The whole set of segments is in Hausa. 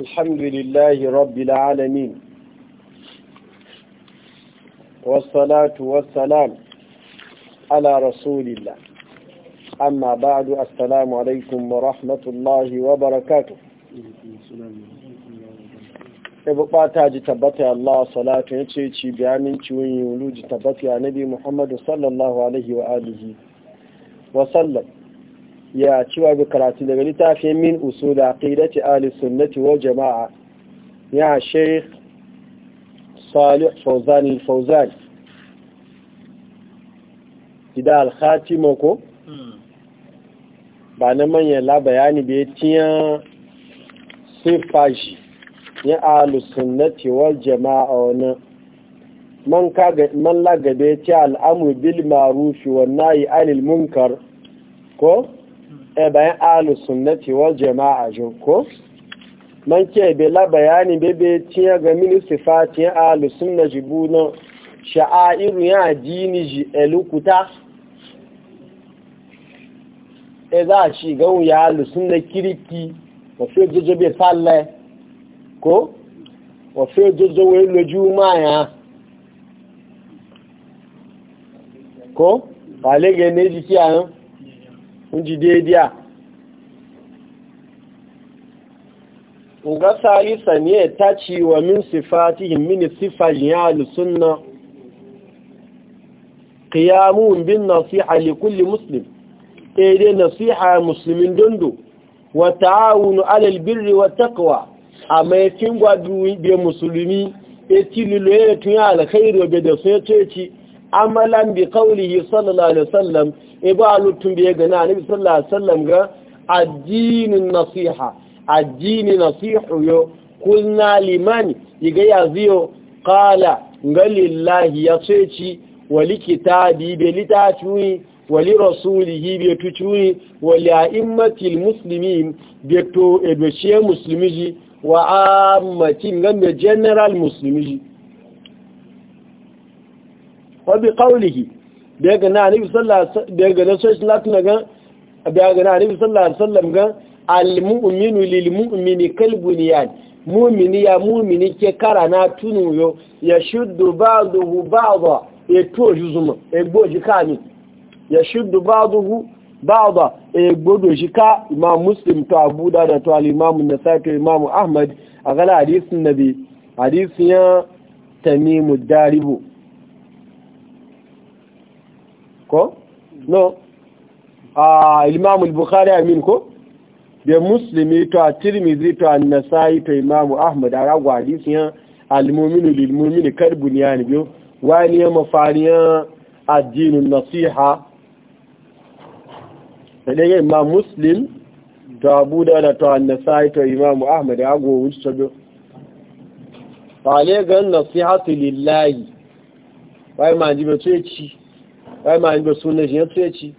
الحمد لله رب العالمين والصلاة والسلام على رسول الله أما بعد السلام عليكم ورحمة الله وبركاته ibuwa ta ji tabbata Allah salatu ya ce ci biya min ciwon yulu ji tabbata ya nabi Muhammadu sallallahu alaihi wa alihi wa sallam ya cewa bi karatu daga littafin min usul aqidati ahli sunnati wal jama'a ya sheikh salih fawzan al fawzan ida al ko ba na manyan la bayani bai tiya sifaji ya ahli sunnati wal jama'a ona man kaga man lagabe ta amru bil ma'ruf wa nahi anil munkar ko e bayan ahlus sunnati wal jama'a jo ko man ke be la bayani be be tiya ga min sifati ahlus sunna jibuna sha'airu ya dini ji elukuta e za a ci ga wuya ahlus sunna kiriki wa fi jojo be falle ko wa fi jojo we loju ma ya ko wale ga ne jiki a nan ji daidai ga salisa ne ta ci wa min sifatihim min sifajin ya alusunna qiyamun bin nasiha li kulli muslim e nasiha musulmin dondo wa ta'awunu alal birri wa taqwa a mai e fin gwadu bi musulmi e ya ci tun ya alkhairu da sun ce amalan bi qawlihi sallallahu alaihi wasallam ibalutun bi gana ni sallallahu alaihi wasallam ga addinin nasiha addini nasihu yo kulna liman yiga yaziyo qala ngalillahi yaseci walikitabi kitabi be litachuyi wali be tuchuyi wali muslimin be to ebeshe muslimiji wa ammatin gambe general muslimiji wabi bi qawlihi daga na a sallallahu sallar na gan sallallahu daga daga na annabi sallallahu alaihi al mu'minu lil mu'mini kal mu'mini ya mu'mini ke karana tunu yo ya shuddu ba'dahu ba'da e ya juzuma e gboji kani ya shuddu ba'dahu ba'da e gbodo ka imam muslim to abu da da to al imam an-nasai imam ahmad a gala na nabi hadisun ya tamimu daribu ko no a ah, imam al-bukhari amin ko da muslimi to a tirmidhi to an-nasai to imam ahmad aragu hadisi ya al-mu'minu lil-mu'mini karbunyan biyo wani ya mafariya addinin nasiha da ya imam muslim to abu da da to an-nasai to imam ahmad aragu wuce to biyo fale ga nasihatu lillahi wai ma jibe to ya ci wai ma yin sunan shi ya tsoyaci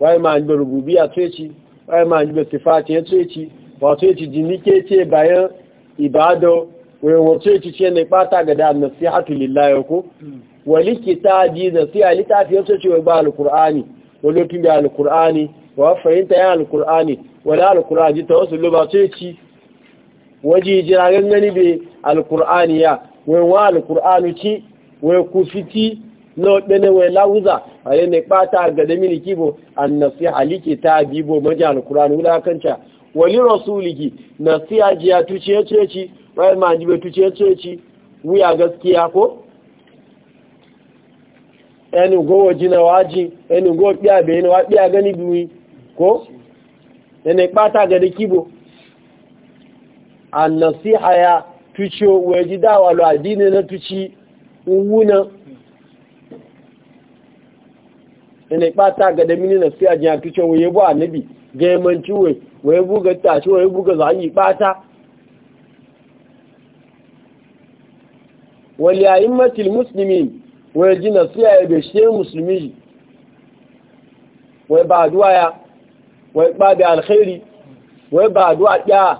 wai ma yin rububiya tsoyaci wai ma yin sifati ya tsoyaci ba jini jinike ce bayan ibado wai wa tsoyaci ce ne bata ga da nasihatu lillahi ko hmm. wali kitabi da sai ali ta fiye tsoyaci wai ba alqur'ani wani lokin da alqur'ani wa fahimta ya alqur'ani wani alqur'ani ta wasu lo ba tsoyaci waje jiragen gani be alqur'ani ya wai wa alqur'ani ci wai kufiti lo bene we lauza ale ne pata ga da mini kibo annasiha liki ta bibo maja alqur'ani wala kanca wali rasuliki nasiha ji ya tuce ceci wai ma ji be tuce ceci wuya gaskiya ko enu go wajina waji enu go biya be ni wa biya gani biwi ko ene pata ga da kibo annasiha ya tuce waji dawa lo addini na tuci wuna ina ɓata ga da mini na siya jiya tuce wa yabo annabi ga yamanci wai wa yabo ga tashi buga yabo ga yi ɓata wal yayin matil musulmi wai ji na siya ya beshe musulmi wai ba duwa ya wai ba da alkhairi wai ba duwa ɗaya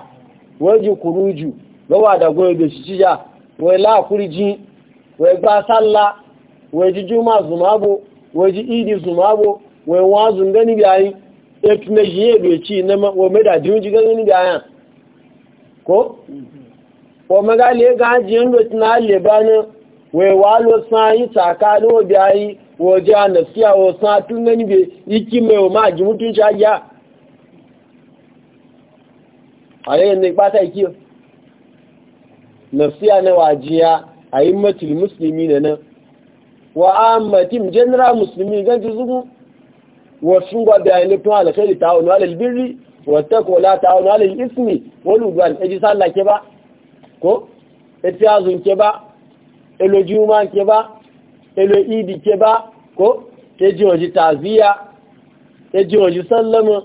wai ji kuruju gawa da goyi da shi ciya wai la kurji wai ba sallah wai ji juma bu waje idi su mabo wai wazun gani biyayi ya na shi ya bai ci na wame da jinji gani biyaya ko? wa magali ya gaji yin da tuna libana wai walo san yi tsakanin wa biyayi waje a nasiya wa san tun gani bai iki mai wa ma'aji mutum shagiya a yayin da ipata ikiyo nasiya na wajiya a yi matul musulmi na nan wa ammatim general muslimi gan zugu wa sun ga da ne tun alkhairi ta'awunu alal birri wa taqwa la ta'awunu alal ismi wani udwan eji sallah ke ba ko etiyazun ke ba elo juma ke ba elo idi ke ba ko eji oji taziya eji oji sallama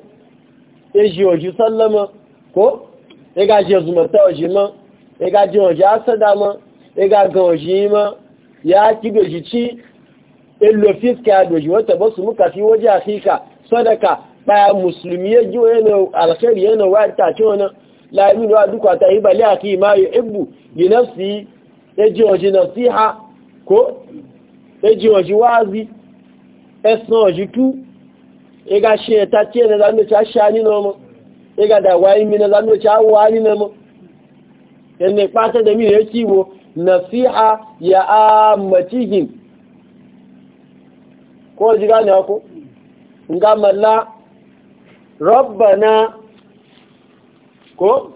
eji oji sallama ko ega je zumata oji ma ega je oji asada ma e ga gan oji ma ya ki doji ci ilofis ka doji wata basu muka fi waje afika sadaka baya musulmi ya ji wani alkhairi yana wa ta ce wani la'imin wa duka ta yi bali a kima yi ibu yi nafsi ya ji waje nasiha ko ya ji waje wazi ẹ̀sán ọ̀jútú ẹgá ṣe ẹ̀ta tí ẹ̀nà lámẹ́ta ṣá nínú ọmọ ẹgá dàwà ìmìnà lámẹ́ta wà nínú ọmọ ẹ̀nà ìpátẹ́dẹ̀mí rẹ̀ tí wo nasiha ya amatihim ko ji gane ku ga malla rabbana ko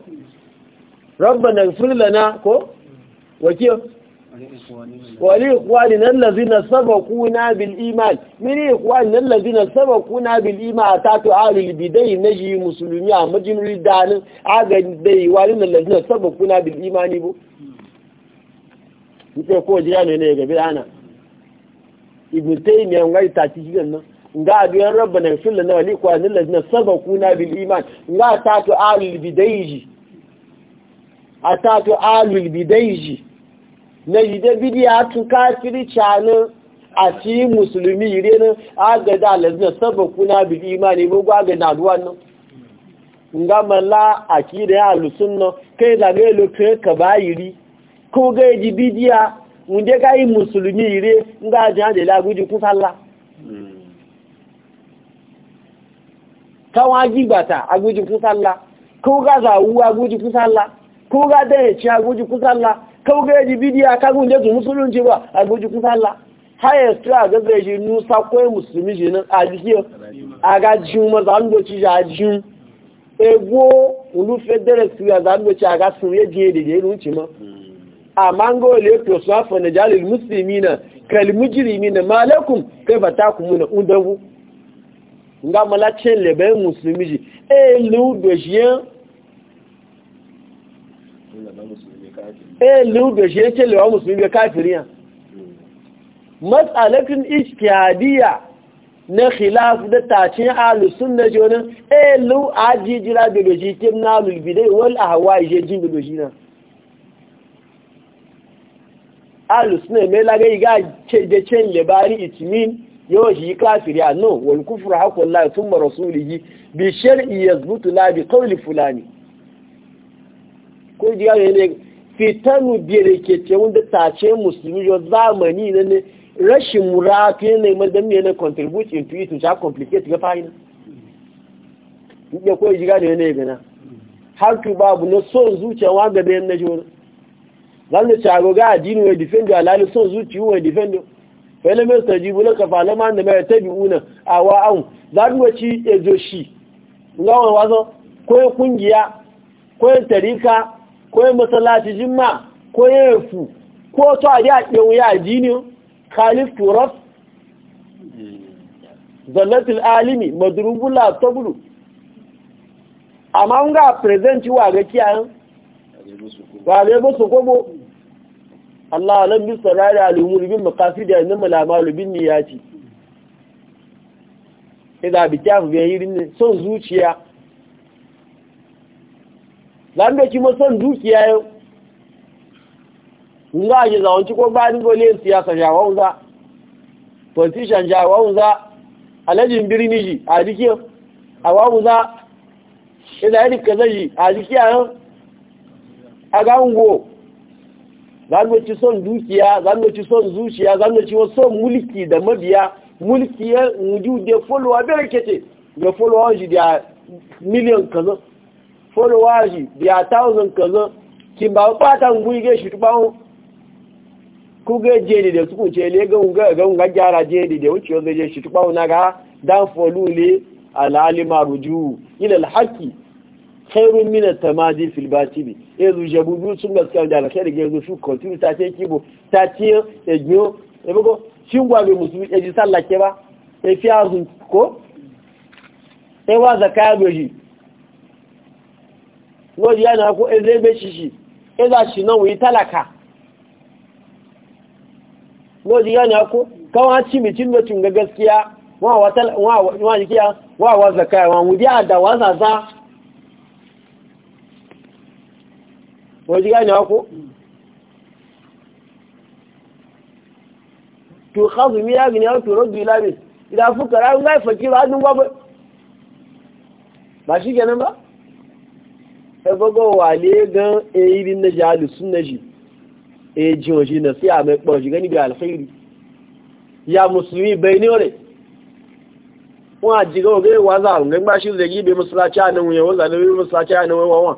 rabbana ighfir lana ko wakiyo wali ikwani nan lazina sabaquna bil iman mini ikwani nan lazina sabaquna bil iman atatu alul bidai naji muslimi a majin ridanin aga dai wali nan lazina sabaquna bil imani bu nítorí kó jẹ́ àná ilé gẹ̀gẹ́ àná ana, ìmì ẹ̀wọ̀n gáyìí tàti jí nga adu yan rabba na fil lana wali kwa zilla na saba kuna bil iman nga atatu alul bidayji atatu alul bidayji na jide bidiya na kafiri chanu àti mùsùlùmí ìrẹ́ na agada alẹ́sìnà sọ́bọ̀kúnná bí imani gbogbo na àdúwà náà nga mọ́lá àkíyàn alùsùn náà kí ìlànà èlò kí kàbáyìí ko ga ji bidiya wunde ga yi musulmi ire nga ajin aje laguji kun sallah káwọn ajígbàtà agbójú fún sálá kógázà owó agbójú fún sálá kógádà ẹ̀ṣẹ́ agbójú fún sálá kógéjì bídí akágún jésù mùsùlùmí ti wà agbójú fún amma ga le to safa na jalil muslimina kal mujrimina malakum kaifa takumuna undabu nga malache le be muslimi ji e lu de jien e lu de jien che le muslimi be kafiriya mas'alatin ijtihadiyya na khilaf da tacin ahlus sunna jonan e lu aji jira be do ji timna dai wal ahwa je jin be do jina alusuna mai lagai ga cejecen labari itimin yau shi kafiri a No wani kufur haƙon ya tun mara sulihi bi shari'i ya zubutu la bi kawli fulani ko jiya ne fitanu biyar ke ce wanda tace musulmi yau zamani na ne rashin murafi ne madan ne na contribute into it ta complicate ga fahina ya ko jiya ne ne gana har tu babu na son zuciya wanda bayan na jona zanda da shago ga addini wai defendo alali son zuciyu wai defendo fele mai sarji ma ka fa lama da mai tabi una a wa awu za ezo shi ngawan wazo ko kungiya ko tarika ko masallaci jimma ko yefu ko to a da wuya addini khalif turaf zallatul alimi madrubula tabulu amma nga present wa ga kiyan wa ga musu kobo Allah nan bin sarari al'umur bin makasir da yanzu malamalu bin niyati idan bi kyafu bai yi ne son zuciya zan da kima son dukiya yau nga ji zawanci ko ba ni gole siyasa jawon za politician jawon za alajin birni ji a jikin a wawon za idan yi zai ji a jikin a A go zanoci son dukiya zanoci son zuciya zanoci wasu son mulki da mabiya mulki ya nudu da folowa bere kete da folowa shi da miliyan kaza folowa shi da thousand kaza kin ba fata ngui ge shi tubawo ku ge ni da suku ce le ga ga ga gara je jeli da wuce zai je shi tubawo na ga dan folule al alima ruju ila al haqi khairun min at-tamadi fil batibi ezu jabubu sun gaskiya da alkhairi ga yanzu su continue ta ce kibo ta ce ejo e bugo shin gwabe musu e ji sallah ke ba e fi azun ko e wa zakaya goji ya yana ko e zai be shi, e za shi nan wi talaka ya yana ko kawai ci mitin da cin ga gaskiya wa wa wa wa zakaya wa mu da da wa za waje gane ko to khazu mi yagin ya to rabbi lamis idan fukara an gai fakir hadin gwabo ba shi kenan ba sai gogo wale gan e irin na jalu sunnaji e jiwo shi na sai a mai kwaji gani bi alkhairi ya musulmi bai ne ore wọn a jiga oge wa za a ngan ba shi zai gibe musulaci a nan wuyan wanzan ne musulaci a nan wawan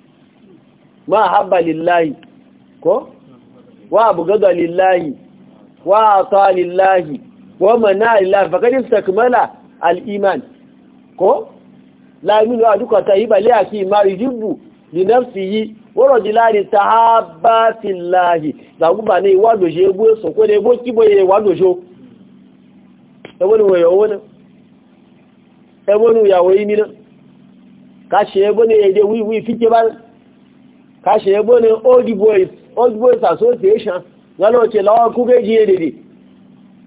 ma haba lillahi ko wa bugada lillahi wa ata lillahi wa mana lillahi faqad istakmala al-iman ko la yuminu aduka tayyiba li aki ma yujibu li nafsihi wa rajulani tahabba fillahi da guba ne wa doje egbo so ko le egbo kibo ye wa dojo ewo ni wo yo wona e ewo ni yawo yi ni na ka se egbo ni ede wi wi fije ba kashe yabo ne old boys old boys association lọ́lọ́ọ̀tẹ̀ lọ́wọ́ kú kéjì èdèdè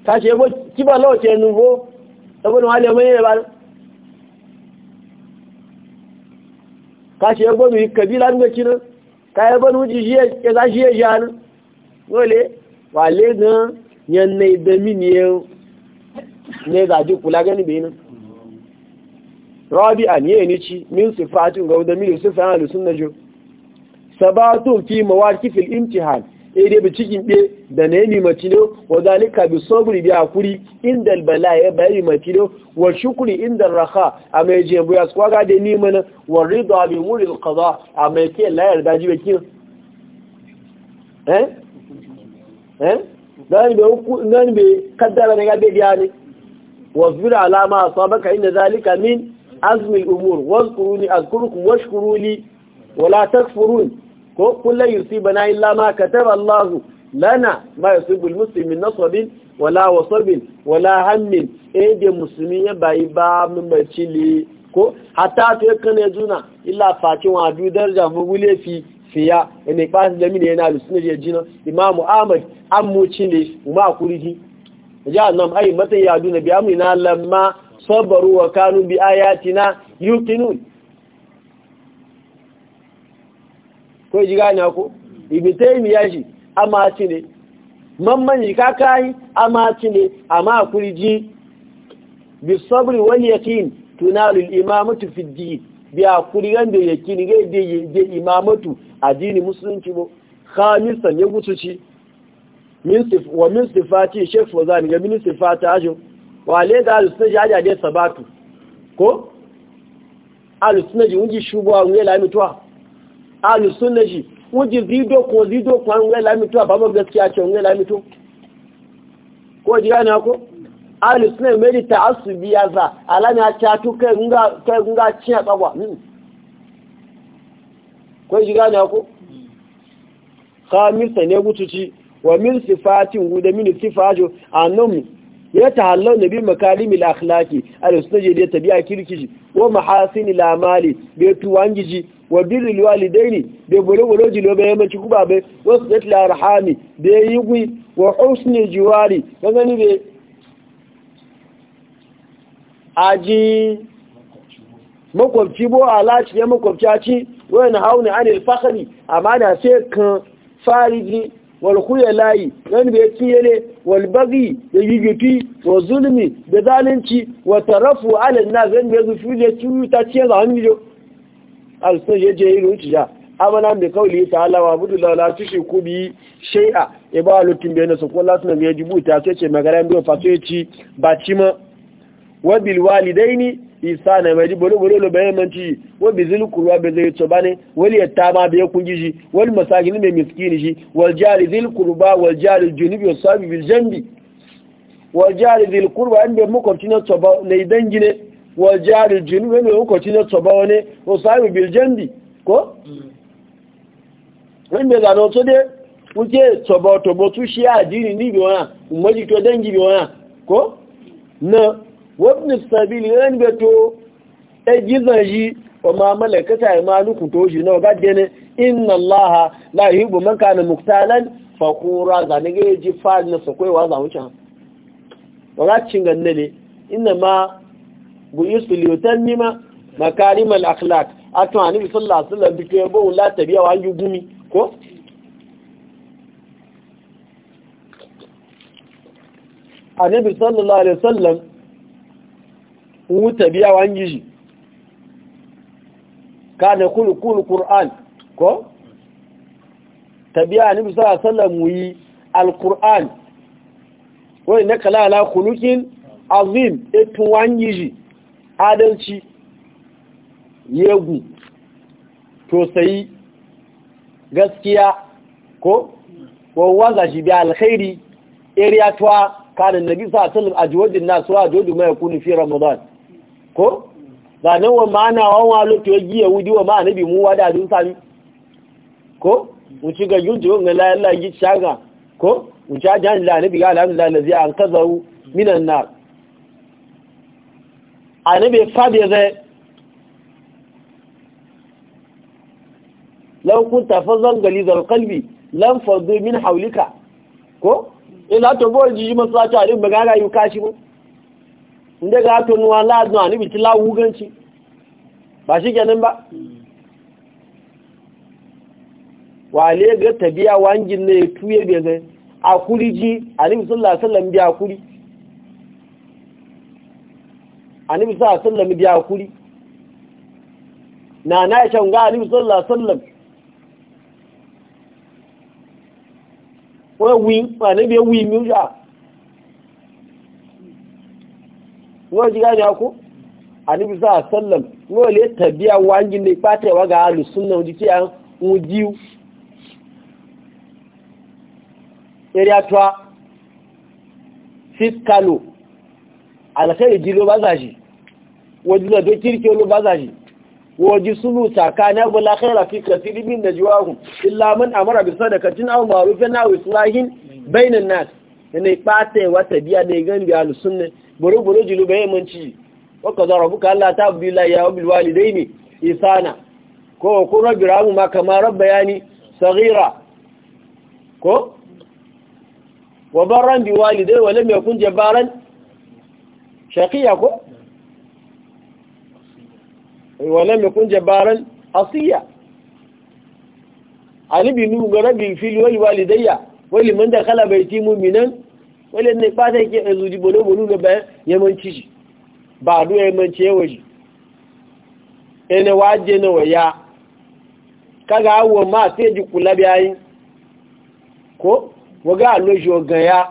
kashe yabo kíbà lọ́ọ̀tẹ̀ ẹnu bó ẹgbẹ́ ni wọ́n lè mẹ́yẹ̀ bá kashe yabo kabila ní wọ́lé wà lé na àníyàn ní chi min sifatu ga wadda mili sufa yana lusun na jo sabatun fi fil imtihan ede eh, bi cikin be da ne ni matilo wa zalika bi sabri bi akuri inda albala ya bayi matilo wa shukri inda raha amma je bu yas ga de ni mana wa rida bi muri alqada amma ke la yarda ji be kin eh eh dan be ku dan be kaddara ne ga be ne wa zira alama asabaka inda zalika min azmi al-umur zkuruni azkurukum washkuruni wala takfuruni ko kullum bana illa ma kataba Allah lana ma yusibu almuslimin nasabin wala wasabin wala hammin inda eh, musulmi ya bayi ba mu ne. ko hatta to yakan ya juna illa fakin wa du daraja mu fi fiya ne kwas da mine yana lusuna je jina imamu ahmad an mu cile ma kuriji ya nam ai mata ya duna bi amina lamma sabaru wa kanu bi ayatina yuqinun ko ji gane ko ibite mi ya shi amaci ne mamman ji kakayi amaci ne amma ji bi sabri wal yaqin tunalu al imamatu fi din bi akuri ganda yaqin ga de imamatu addini musulunci bo khamisan ya gutuci min sif wa min sifati shaykh fozan ga min sifata ajo wa le da alusna ji ajaje sabatu ko alusna ji unji shubuwa ngela mitwa ahlus wọ́n jí wuji zido ko zido ko an wai lamito a babu gaskiya ce wai lamito ko ko ta ta tu kai kunga kai kunga cin a ko ji gane ko ne gutuci wa min sifatin guda min sifajo annum ya tahallau kirkiji wa mahasinil tuwangiji wadiri liwali daini da gwale-gwale jilo mai yammanci kuma bai wasu zai tilar hami da ya yi gwi wa hausu ne jiwari ya bai da aji makwabci bo a lati ya makwabci a ci wani na hau ne a ne fasari amma na sai kan fariji walkuya layi wani da ya fiye ne walbagi da gigiti wa zulmi da zalunci wa tarafu alin na zai ne zufi ne cuta ciye da video alsun ya je ilu ciya amana bi kauli ta'ala wa budu la la tushriku bi shay'a ibalu timbena su kullu sunan ya ta sai ce magana biyo fatoci ba ci ma wa bil walidaini na mai ji bolo bolo lo bayan manci wa bi zil kurwa be zai to bane wal yatama be kun ji wal masakin be miskini ji wal jari zil kurba wal jari junubi wasabi bil jambi wal jari zil kurba an be makwabci na to ba ne dangine wa jari jin wani hukunci na tsoba wani ko sami biljandi ko? wani da zanen su dai wuce tsoba tobo su shi a jini ni bi wana umarji to dangi bi wana ko? na wani sabili wani beto ɗai gizan shi wa ma malakata ya ma nukun to shi e e na waga dene inna allaha la yi bu maka na muktalan fakura zanen ga yi ji fari na sakwaiwa zamucin waga cin ganne ne inna ma buyisu liyutammima makarimal akhlaq atun anabi sallallahu alaihi sun bi ke ya la tabiya wa yu gumi ko anabi sallallahu alaihi wasallam wu tabiya wa yiji kana kul kul kur'an ko tabiya anabi sallallahu alaihi wasallam yi alkur'an wa na la ala kulukin azim etun wa yiji adalci yegu sai gaskiya ko wawan shi biya alkhairi area tuwa kanin nabi sa sallam a nasu a jodu mai kunu fi ramadan ko nan wa ma'ana wa lokaci to giya wudi wa ma'ana bi mu wada dun sami ko wuci ga yun jiwon ga layan yi shaga ko wuci a jihar nabi ga alhamdulillah na zai an kazaru minan nar anabe fabe zai lau kun tafazon galizar kalbi lan fardo min haulika ko ina to bo ji masu sace a rimba gaga yi kashi mu inda ga to nuwa ladun a ti tila wuganci ba shi kenan ba wale ga tabiya wangin ne tuye bezai a kuri ji a nibi sallallahu alaihi wasallam biya kuri annabi sallallahu alaihi wasallam biya kuri na na ya shanga annabi sallallahu alaihi wasallam wa wi wi mi ja ku annabi sallallahu alaihi wasallam le tabiya wangin ne fata ga ahlus sunna wudi ti an alkhairi ji ló bá zàjì wọ́n lọ tó kíríkí ló bá zàjì wọ́n ji súnú tsakanin abu fi kasi min da illa man amara bi sadaqatin aw marufin na islahin bainin nas ne ɓata wata biya da gan biya lusunne buru-buru ji ló manci wa zara buka allah ta bila ya wabil walidai isana ko ko rabbi ramu ma kama rabba yani ko wa baran bi walidai wa lam yakun jabaran shaqiya ko wala mai kun jabaran asiya alibi bi nu ga rabbi fil wal walidayya wal kala bai bayti mu'minan wani ne ba ta ke azuji bolo bolo ga bayan yamanci shi ba du yamanci yawaji ene waje na waya kaga awon ma sai ji kula bayan ko waga alojo ganya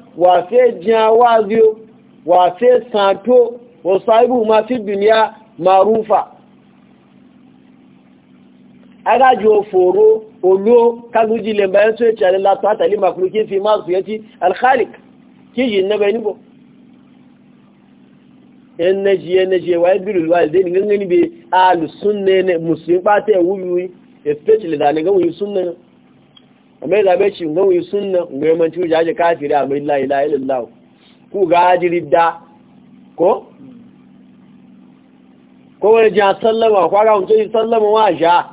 wafe jawa biyu wafe santo wa ma masu duniya marufa agajo foro olo kaguji le bayan so yace Allah ta tali makhluqin fi ma suyati al khaliq kiji na bayni bo energy energy wa birul walidain ngani be al sunne ne muslim ba ta wuyi especially da ne ga wuyi amma ya zaɓe shi ga wuyi sunna ga yamanci wuce aji kafiri a mai la'ila ilallahu ku ga aji ridda ko? ko wani ji a sallama ko aga hunce yi sallama wa sha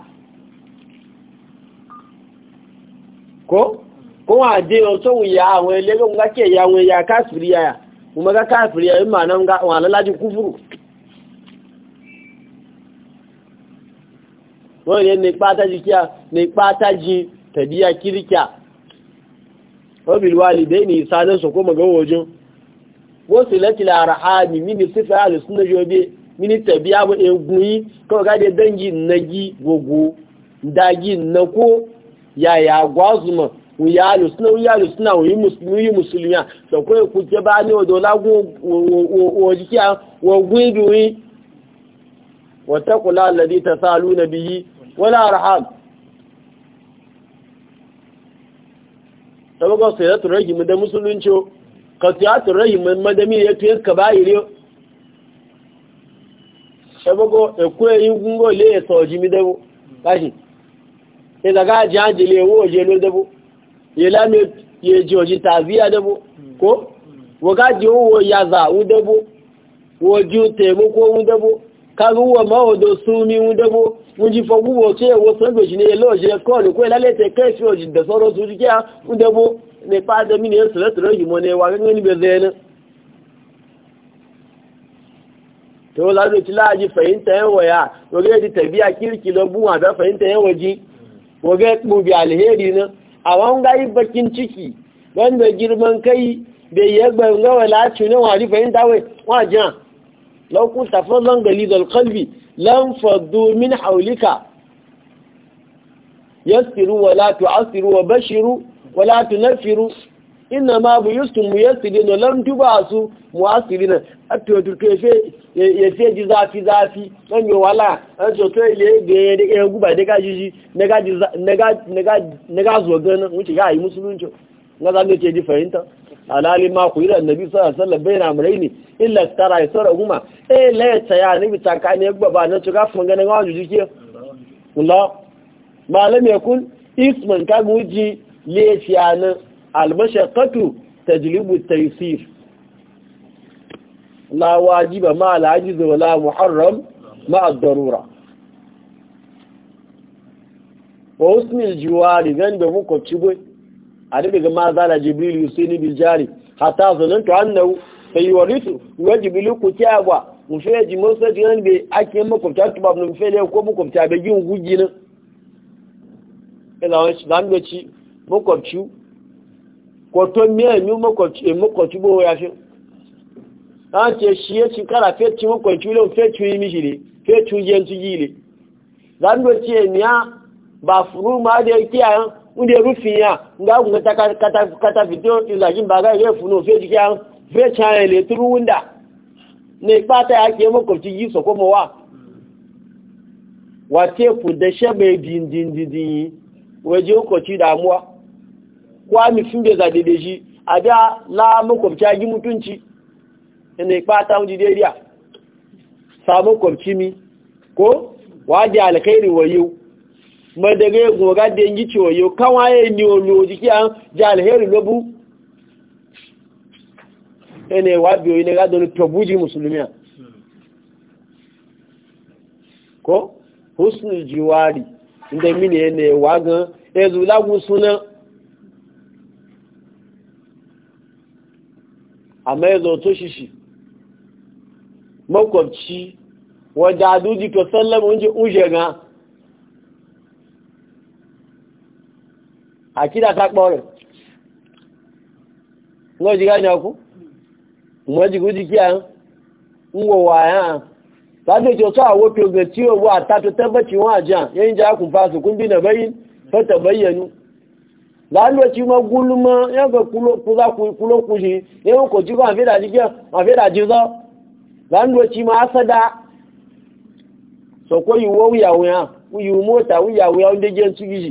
ko? ko wa je yau to wuya àwọn elegun ga ke ya àwọn ya kafiri ya kuma ga kafiri ya yin ma nan ga wa lalaji kufuru wọ́n yẹ nípa tájí kí a tabiya kirkiya wabil walidaini sanan su kuma ga wajen wasu latila rahami mini sifa ahlus sunna jobe mini tabiya bu eguyi kawai ga da dangi nagi gogo dagi nako ya ya gwazuma wuya ahlus suna wuya ahlus sunna wuyi muslimi muslimiya so ko ku ke ba ne odo lagun ojiya wo gwiduyi wa taqula alladhi tasaluna bihi wala rahami sabagon sayatun rahimu da musulunci katiyatun rahimu madami ya fiye ka bayire sabago ekwe yin gungo le ya sauji mi dabo kashi ya daga ji hanji le wo je lo dabo ya lami ya ji oji taziya dabo ko waga ji wo ya za'u dabo wo ji taimako mu dabo karuwa maodo sumi mudebo mujifa gubo ce wo sango shi ne loje call ko lale te kai shi da soro su jiya mudebo ne pa da mini yesu da tro yimo ne wa ngani be zena to la do tila ji fahimta yan waya to ga di tabiya kirki lo buwa da fahimta yan waji ko ga ku bi alheri na awan ga yi bakin ciki wanda girman kai bai yagba ga wala ci ne wa di fahimta wai wa jan لو كنت فظا غليظ القلب لانفضوا من حولك يسروا ولا تعسروا وبشروا ولا تنفروا إنما بيستم ميسرين ولم تبعثوا مؤثرين أتوتو كيفي يسيجي زافي زافي أن يوالا أن تتوي ليه يغوبا ديكا جيجي نغا زوغن وانت غاي مسلونجو نغا نتيجي فهمتا alali ma ku yi da annabi sallallahu alaihi wasallam bayan amraini illa tara yasara huma eh la ta ya ni bi tankani baba na tuga fun ganin wa juji ke kula malam kun, isman ka muji le fiyana almashaqqatu tajlibu taysir la wajiba ma la ajiz wa la muharram ma ad darura wa usmi al jiwari ganda muku ciboi annabi ga ma zala jibril yusini bil jari hatta zanantu annahu sayuwaritu wajibilu ku kyagwa mu fere ji mun sai jinan be ake makwabta tuba mun fere le ko makwabta be gin guji nan ila wani dan da ci makwabci ko to miya ni makwabci e makwabci bo ya fi an ce shi ya ci kara fe ci makwabci lo fe ci mi shi ne fe ci ci gile dan da ci miya ba furu ma da yake n'di ya rufin ya ga kun ta kata fito ilajin ba ga ya funo fe jiya fe chana le turu wanda ne pata ya ke makwabci yi so kuma wa wa te ku da shabe din din din din waje ko ci damuwa kwa mi fin da zade da shi a da la makwabci yi mutunci ne pata wanda dai ya samu kwabci mi ko wa waje alkhairi wayo madaga ya goga da yanki ciwoyo kawaye ni olu jiki an ji alheri lobu ene wa biyo ne ga don tobuji musulmiya ko husnul jiwari inda mini ene wa gan ezu lagu suna amma ezo to shishi makwabci wadda aduji to sallama unje unje gan àkídà tápọ̀ rẹ̀ wọ́n jí gáyìn ọkú wọ́n jí kú jí kí àán ń wò wà àán láti ètò tó àwọ́ pé ogun tí ó wà tàtò tẹ́bẹ̀tì wọ́n àjá yẹn jẹ́ láàrín ọtí wọn gúlú mọ́ yẹn kò kúlókù sí yẹn kò tí kò àfẹ́dàjí sọ láàrín ọtí máa sẹ́dá sọ̀kọ́ ìwọ́ wíyàwó yẹn wíyàwó mọ́ta wíyàwó yẹn ó jẹ́ ń túgìsì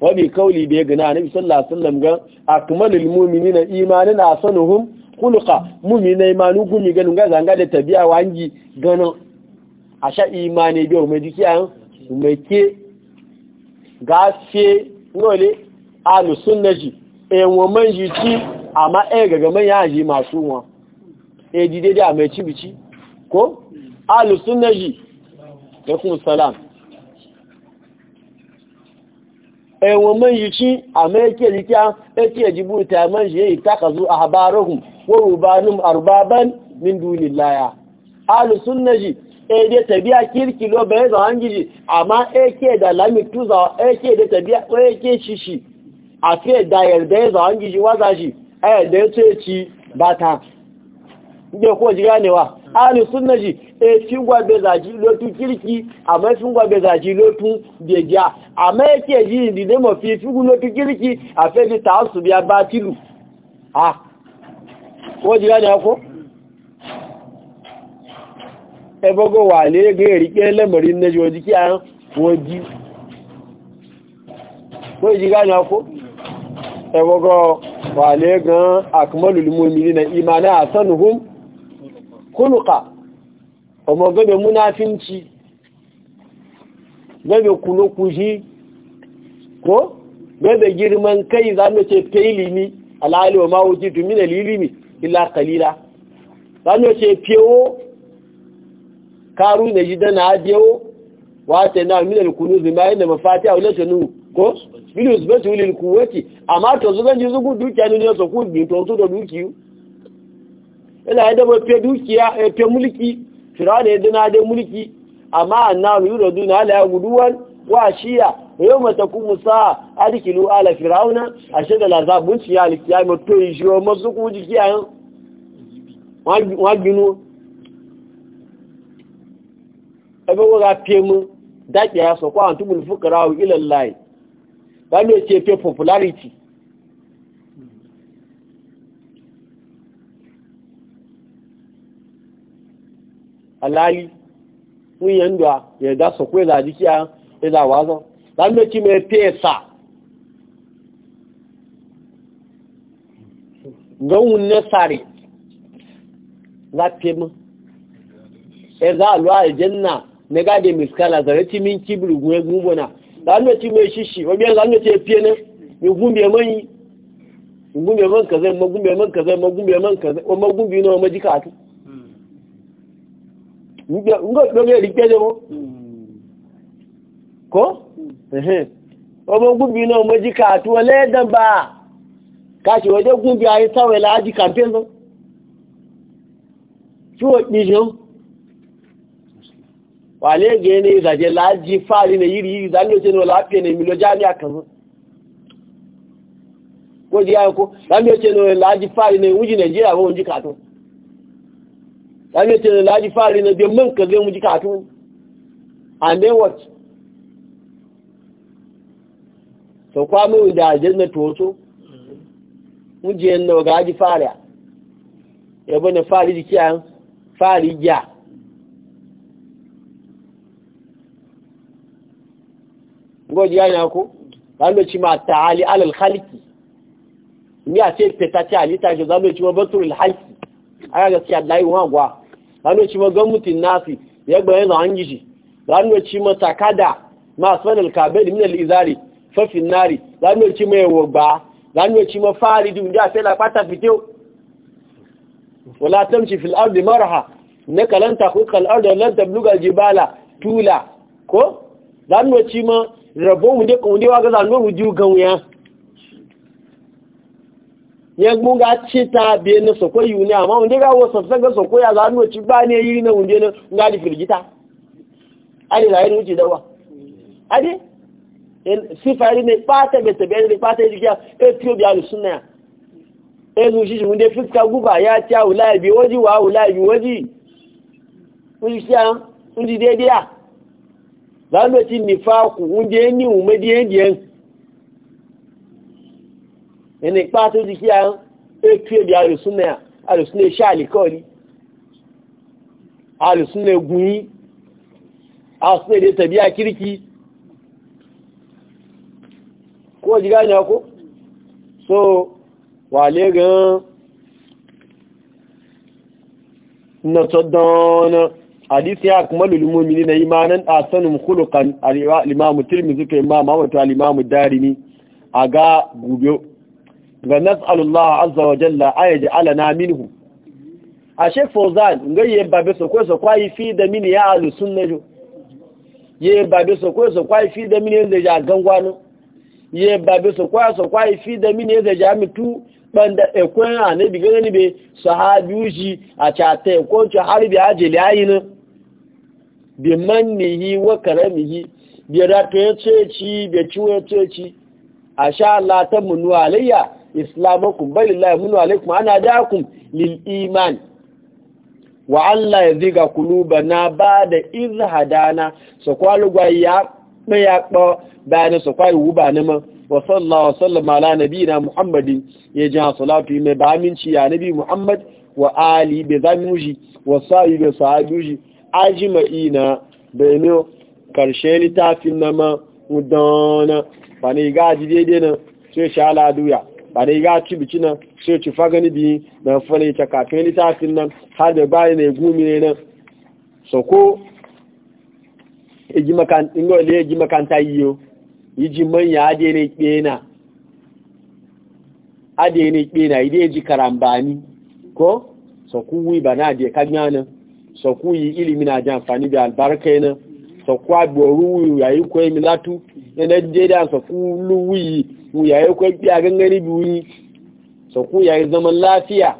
wa bi kauli da ya gina annabi sallallahu alaihi wasallam ga akmalul mu'minina imanan asanuhum khuluqa mu'mina imanu gumi ganin ga zanga da tabi'a wangi ganin asha imani bi o mediki an umeke gafe ngole alu sunnaji e won manji ci ama e gaga man ji masu won e dide da mai cibici ko alu sunnaji da kuma salam ẹ̀wọ̀n mẹ́yìí tí àmẹ́kẹ́ ní kí a ẹkí ẹ̀jìbú ìtàmẹ́ ṣe ìtàkàzú àbárọ̀hùn wọ́rùbánum àrùbábán nínú ìlàyà alùsúnnàjì èdè tàbí àkíríkì ló bẹ̀rẹ̀ zọ hangiji àmá ẹkẹ́ ẹ̀dà lámì túzọ ẹkẹ́ èdè tàbí ahli sunna ji e fi gwa zaji lotu kirki amma fi gwa be zaji lotu deja amma yake ji ndi ne mo fi fi lotu kirki a fe di ta'assub ya batilu ah ko ji ne ko e bogo wa le ge ri ke le mari ne jo ji ki an wo ji ko ji ne ko e bogo wa le gan akmalul mu'minina imana asanuhum kuluka omo gabe munafinci gabe kulokushi ko gabe girman kai za mu ce ta ilimi alhali wa mawuji domin ilimi illa kalila za mu ce fewo karu ne jida na ajiyewo wata na minal kunu zima yadda mafati a wulace nu ko bilu zubaci wulil kuwaci amma to zugan ji zugu dukiya ne ne su ku bi to su da dukiyu yana da fiye dukiya ya eh, fi mulki firawun ya na dai mulki amma annahu yuradu na la guduwan wa shiya yau mata kuma sa adikilu ala firawuna a shaɗa lazabun ciya alikiya mai to yi wa masu kuma jiki a yin waginu ebe waga fiye mu dakiya sokwa so kwa an fukara wa ilallahi ba ne ce fiye popularity alali wuyan yanda ya da su kwe da jikiya ya da wazo dan da ki mai pesa ga un sare za pe mu e za lu aljanna ne ga de miskala da ti min kibru gwe gubona dan da ki mai shishi wa biya dan da ki pe ne mi gumbe mai gumbe man kaza magumbe man kaza magumbe man kaza magumbe no ati ngo doge rikeje mo ko eh omo gubi na omo ji ka tu le dan ba ka ti oje gubi ayi sawe la ji campaign lo ti o ni jo wa le ge ni da je la ji fari ne yiri yiri da lo se no la pe ne mi lo ja ni akan ko di ayo ko da lo se no la ji fari ne wuji Nigeria wo ji ka tu. kage ce laji fari na biyan man ka zai mu ji katun and then what so da mu na janna toto mu je yan ga ji fari ya bane fari ji kiyan fari ja goji yana ko zama ci ma ta'ali alal halki ni a ce fita ce halitta shi zama ci wa baturul halki a ga gaskiya layi wa gwa hannu ci ma gwamnatin nasi ya gbaye na an gishi hannu ci ma takada masu wani alkabe da minal izari fafin nari hannu ci ma yawo ba hannu ci ma fari dun da sai lafata fito wala tamshi fil ardi marha na kalanta ko kalar da lan tabluga jibala tula ko hannu ci ma rabo mu de ko mu wa ga zanno mu ju ganya ya gunga ce ta biyan na sokoi yuni amma wanda ga wasu sassaga sokoi a zanuwa ci ba ne yi na wunde na ngali firgita ade da yiri wuce dawa ade sifari ne fata bai tabi ne fata yi jikiya ethiopia da suna ya ezu shi shi wunde fuska guba ya ta wula bi waji wa wula bi waji wunji siya wunji daidai ya zanuwa ci nifaku wunde ni umadiyan diyan ẹni ipá tó di kí àwọn ẹbí alùsúnlẹ̀ alùsúnlẹ̀ iṣẹ́ àlìkọ́ọ̀lì alùsúnlẹ̀ ogun yí alùsúnlẹ̀ èdè tẹ̀bí akíríkí kó jí ní ọkó so wà lé gan nọ̀tọ̀ dánná hadisi ya kuma lulmomi ne na imanin kan hulukan alimamu tirmi suka imamu wato alimamu darimi a ga gubiyo ga nas'alullah azza wa jalla an yaj'alana minhu a shek fauzan ga yi babe so ko so kwai fi da mini ya alu sunna jo ye babe so ko so kwai fi da ya da ja gangwano ye babe so kwa so kwai fi da mini da ja mitu banda e kwen anabi ga ni be sahabiuji a chate ko cho harbi ajeli ayin bi mannihi wa karamihi bi rato ya ce ci da ciwo ya ce ci a sha Allah ta munu alayya islamakum bai lillahi munu alaikum ana da'akum lil iman wa Allah ya ziga na ba da izhadana so kwalugwa ya ya kpo bayan so kwai wuba ne ma wa sallallahu sallama ala na muhammadin ya ji salatu mai ba aminci ya nabi muhammad wa ali bi zamuji wa sa'i bi sahabuji bai ne karshe littafin nama udana bani gaji daidai na sai sha ala duya ba dai ga ci biki nan sai ci fa gani bi na fane ta kafin na nan har da bayi ne gumi ne nan so ko eji makan ingo le eji makanta yiyo yiji manya ade ne kena ade ne kena ide eji karambani ko so ku wi bana ade kanyana so ku yi ilimi na ji amfani da albarka yana so ku agboru yayi ko emilatu yana je da so ku luwi ku yayi kwaifi a gangare biyu sauku yayi zaman lafiya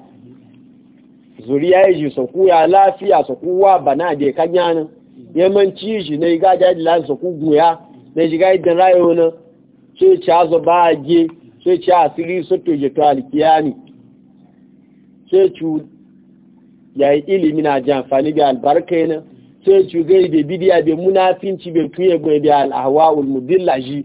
zuri ya ji sauku ya lafiya sauku wa bana da kan yana yamanci shi na yi gaja da lan sauku goya na shiga idan rayo na sai ci azo ba je sai ci asiri soto je to alkiyani sai ci yi ilimi na ji amfani da albarka yana sai ci zai da bidiya da munafinci bai tuye bai da al'ahwa ul mudillaji